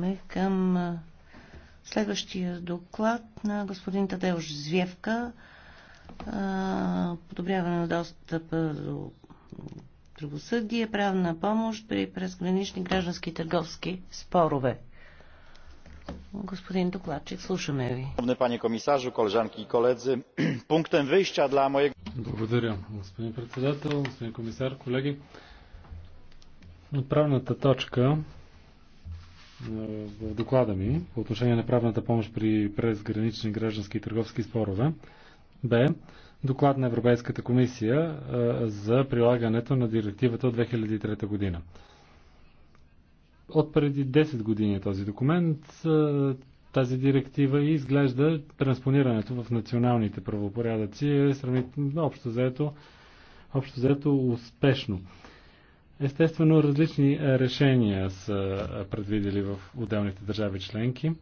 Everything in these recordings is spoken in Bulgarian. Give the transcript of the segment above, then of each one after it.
преминахме към следващия доклад на господин Тадеуш Звевка. Подобряване на достъпа до правосъдие, правна помощ при презгранични граждански и търговски спорове. Господин докладчик, слушаме ви. Пане комисажо, колежанки и колеги, пунктен wyjścia для мое... Благодаря, господин председател, господин комисар, колеги. Отправната точка в доклада ми по отношение на правната помощ при презгранични граждански и търговски спорове. Б. Доклад на Европейската комисия за прилагането на директивата от 2003 година. От преди 10 години е този документ, тази директива и изглежда транспонирането в националните правопорядъци е сравнително общо заето, общо заето успешно. Естествено, различни решения са предвидели в отделните държави членки.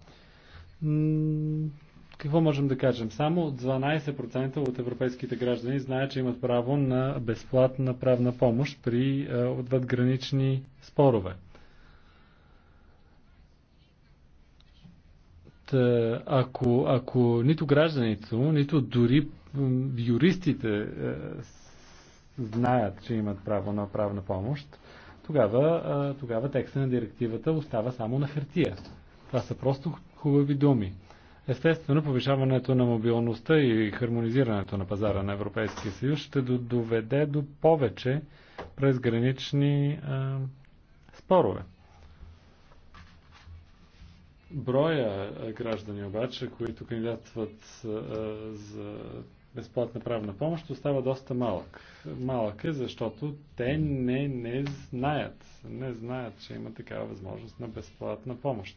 Какво можем да кажем? Само 12% от европейските граждани знаят, че имат право на безплатна правна помощ при отвъдгранични спорове. ако, ако нито гражданите, нито дори юристите знаят, че имат право на правна помощ, тогава, тогава текста на директивата остава само на хартия. Това са просто хубави думи. Естествено, повишаването на мобилността и хармонизирането на пазара на Европейския съюз ще доведе до повече презгранични а, спорове. Броя граждани обаче, които кандидатстват а, за безплатна правна помощ остава доста малък. Малък е, защото те не, не знаят, не знаят, че има такава възможност на безплатна помощ.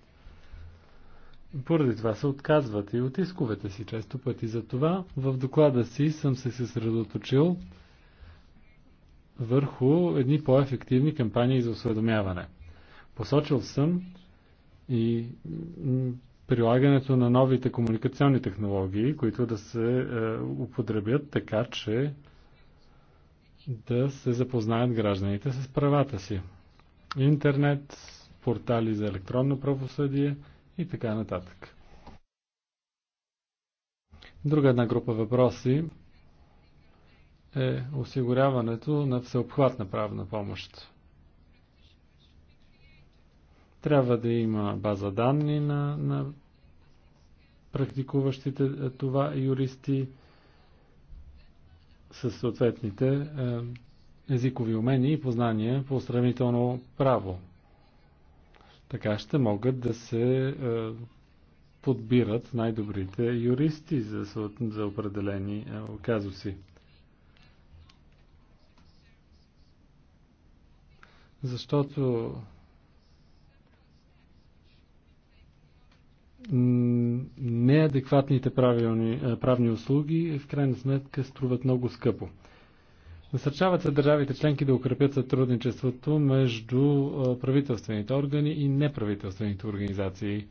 Поради това се отказват и от исковете си често пъти. За това в доклада си съм се съсредоточил върху едни по-ефективни кампании за осведомяване. Посочил съм и прилагането на новите комуникационни технологии, които да се е, употребят така, че да се запознаят гражданите с правата си. Интернет, портали за електронно правосъдие и така нататък. Друга една група въпроси е осигуряването на всеобхватна правна помощ. Трябва да има база данни на, на практикуващите е, това юристи със съответните е, езикови умения и познания по сравнително право. Така ще могат да се е, подбират най-добрите юристи за, за определени казуси. Защото неадекватните правилни, е, правни услуги в крайна сметка струват много скъпо. Насърчават се държавите членки да укрепят сътрудничеството между е, правителствените органи и неправителствените организации.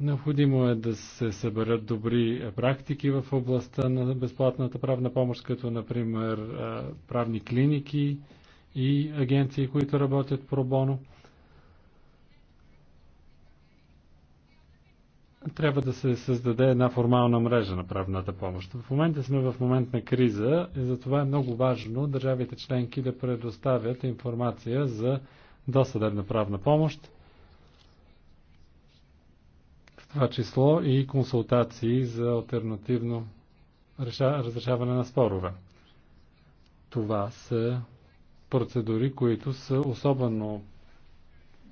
Необходимо е да се съберат добри е, практики в областта на безплатната правна помощ, като например правни клиники и агенции, които работят про боно. трябва да се създаде една формална мрежа на правната помощ. В момента сме в момент на криза и затова е много важно държавите членки да предоставят информация за досъдебна правна помощ, в това число и консултации за альтернативно разрешаване на спорове. Това са процедури, които са особено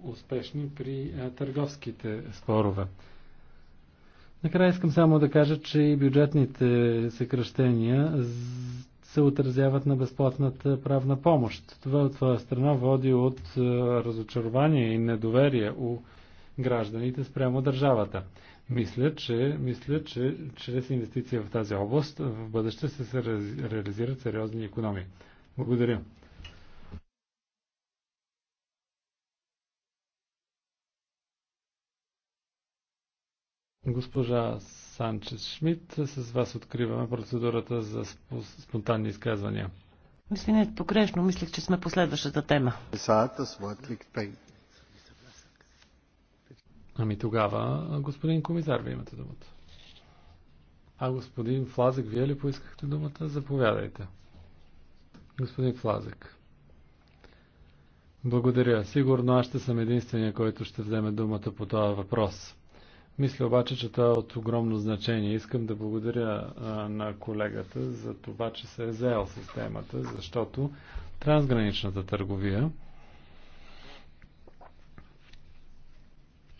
успешни при търговските спорове. Накрая искам само да кажа, че и бюджетните съкръщения се отразяват на безплатната правна помощ. Това от твоя страна води от е, разочарование и недоверие у гражданите спрямо държавата. Мисля, че, мисля, че чрез инвестиция в тази област в бъдеще се, се реализират сериозни економии. Благодаря. Госпожа Санчес Шмидт, с вас откриваме процедурата за спонтанни изказвания. Извинете, погрешно. Мислех, че сме последващата тема. Ами тогава, господин комисар, вие имате думата. А господин Флазък, вие ли поискахте думата? Заповядайте. Господин Флазък. Благодаря. Сигурно аз ще съм единствения, който ще вземе думата по този въпрос. Мисля обаче, че това е от огромно значение. Искам да благодаря а, на колегата за това, че се е заел с темата, защото трансграничната търговия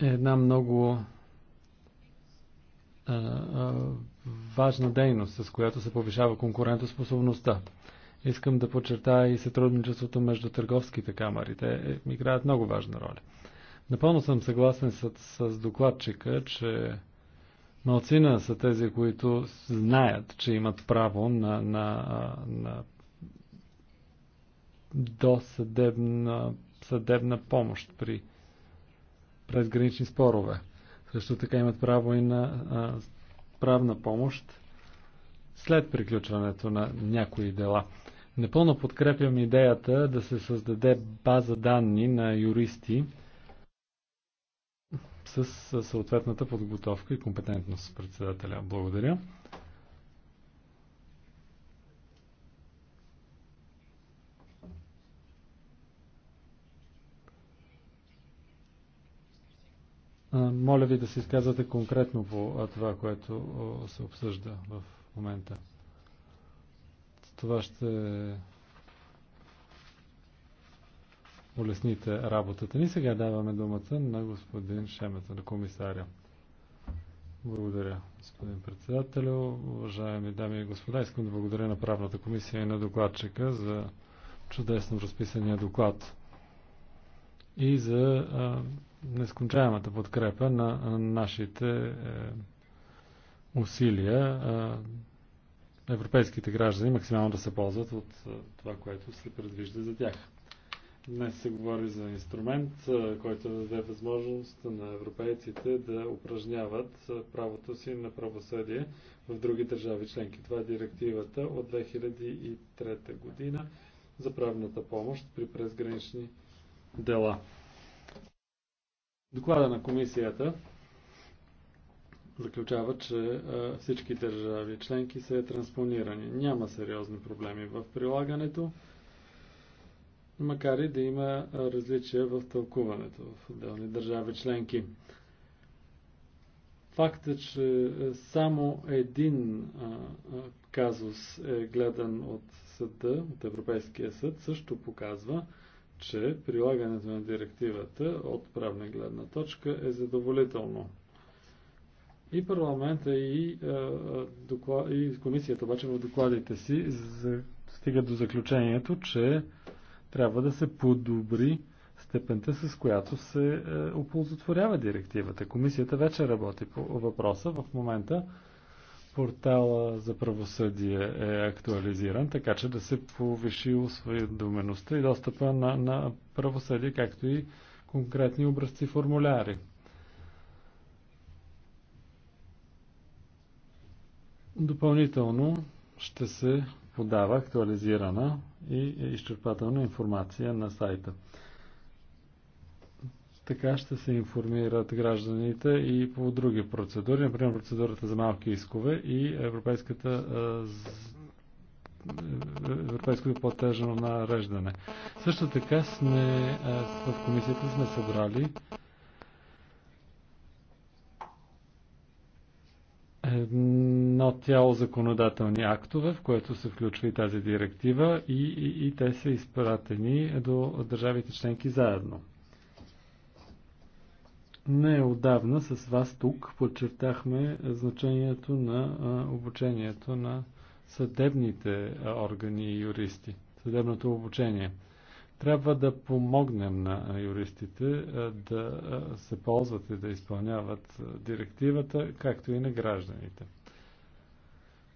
е една много а, а, важна дейност, с която се повишава конкурентоспособността. Искам да подчертая и сътрудничеството между търговските камери. Те играят много важна роля. Напълно съм съгласен с, с докладчика, че малцина са тези, които знаят, че имат право на, на, на досъдебна съдебна помощ при презгранични спорове. Също така имат право и на а, правна помощ след приключването на някои дела. Непълно подкрепям идеята да се създаде база данни на юристи, с съответната подготовка и компетентност председателя. Благодаря. Моля ви да се изказвате конкретно по това, което се обсъжда в момента. Това ще улесните работата ни. Сега даваме думата на господин Шемета, на комисаря. Благодаря, господин председател, Уважаеми дами и господа, искам да благодаря на правната комисия и на докладчика за чудесно разписания доклад и за а, нескончаемата подкрепа на а, нашите е, усилия а, европейските граждани максимално да се ползват от а, това, което се предвижда за тях. Днес се говори за инструмент, който даде възможност на европейците да упражняват правото си на правосъдие в други държави членки. Това е директивата от 2003 година за правната помощ при презгранични дела. Доклада на комисията заключава, че всички държави членки са транспонирани. Няма сериозни проблеми в прилагането макар и да има различия в тълкуването в отделни държави членки. Факта, че само един казус е гледан от съда, от Европейския съд, също показва, че прилагането на директивата от правна гледна точка е задоволително. И парламента, и, и комисията обаче в докладите си стигат стига до заключението, че трябва да се подобри степента, с която се е, оползотворява директивата. Комисията вече работи по въпроса. В момента портала за правосъдие е актуализиран, така че да се повиши усвоедомеността и достъпа на, на правосъдие, както и конкретни образци формуляри. Допълнително ще се подава актуализирана и изчерпателна информация на сайта. Така ще се информират гражданите и по други процедури, например процедурата за малки искове и Европейската европейското на нареждане. Също така сме, в комисията сме събрали една едно тяло законодателни актове, в което се включва и тази директива и, и, и те са изпратени до държавите членки заедно. Не отдавна с вас тук подчертахме значението на обучението на съдебните органи и юристи, съдебното обучение. Трябва да помогнем на юристите да се ползват и да изпълняват директивата, както и на гражданите.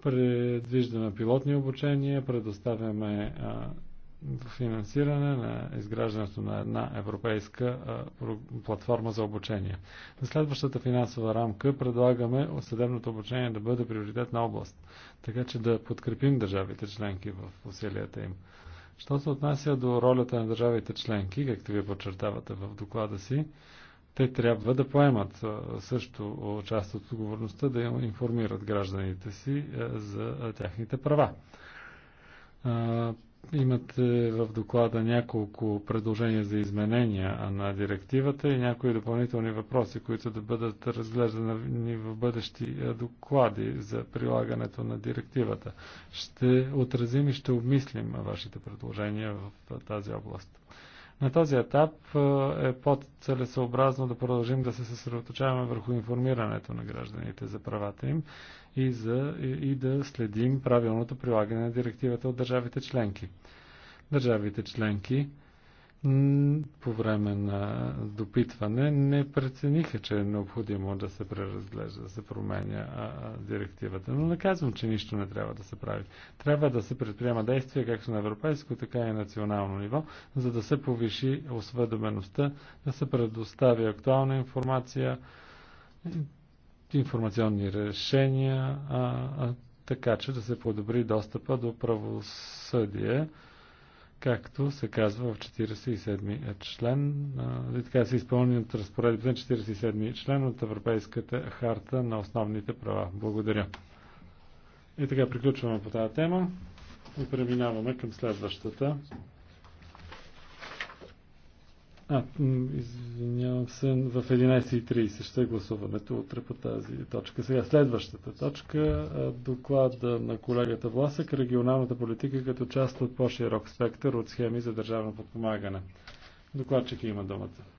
Предвиждаме пилотни обучения, предоставяме финансиране на изграждането на една европейска платформа за обучение. На следващата финансова рамка предлагаме съдебното обучение да бъде приоритет на област, така че да подкрепим държавите членки в усилията им. Що се отнася до ролята на държавите членки, както вие подчертавате в доклада си, те трябва да поемат също част от отговорността да информират гражданите си за тяхните права. Имате в доклада няколко предложения за изменения на директивата и някои допълнителни въпроси, които да бъдат разглеждани в бъдещи доклади за прилагането на директивата. Ще отразим и ще обмислим вашите предложения в тази област. На този етап е, е по-целесообразно да продължим да се съсредоточаваме върху информирането на гражданите за правата им и, за, и да следим правилното прилагане на директивата от държавите членки. Държавите членки по време на допитване не прецениха, че е необходимо да се преразглежда, да се променя а, директивата. Но не казвам, че нищо не трябва да се прави. Трябва да се предприема действия както на европейско, така и национално ниво, за да се повиши осведомеността, да се предостави актуална информация, информационни решения, а, а, така че да се подобри достъпа до правосъдие както се казва в 47-я член, и така се изпълни от разпоредбите на 47-я член от Европейската харта на основните права. Благодаря. И така приключваме по тази тема и преминаваме към следващата. А, извинявам се, в 11.30 ще гласуваме утре по тази точка. Сега следващата точка, доклада на колегата Власък, регионалната политика като част от по-широк спектър от схеми за държавно подпомагане. Докладчик има думата.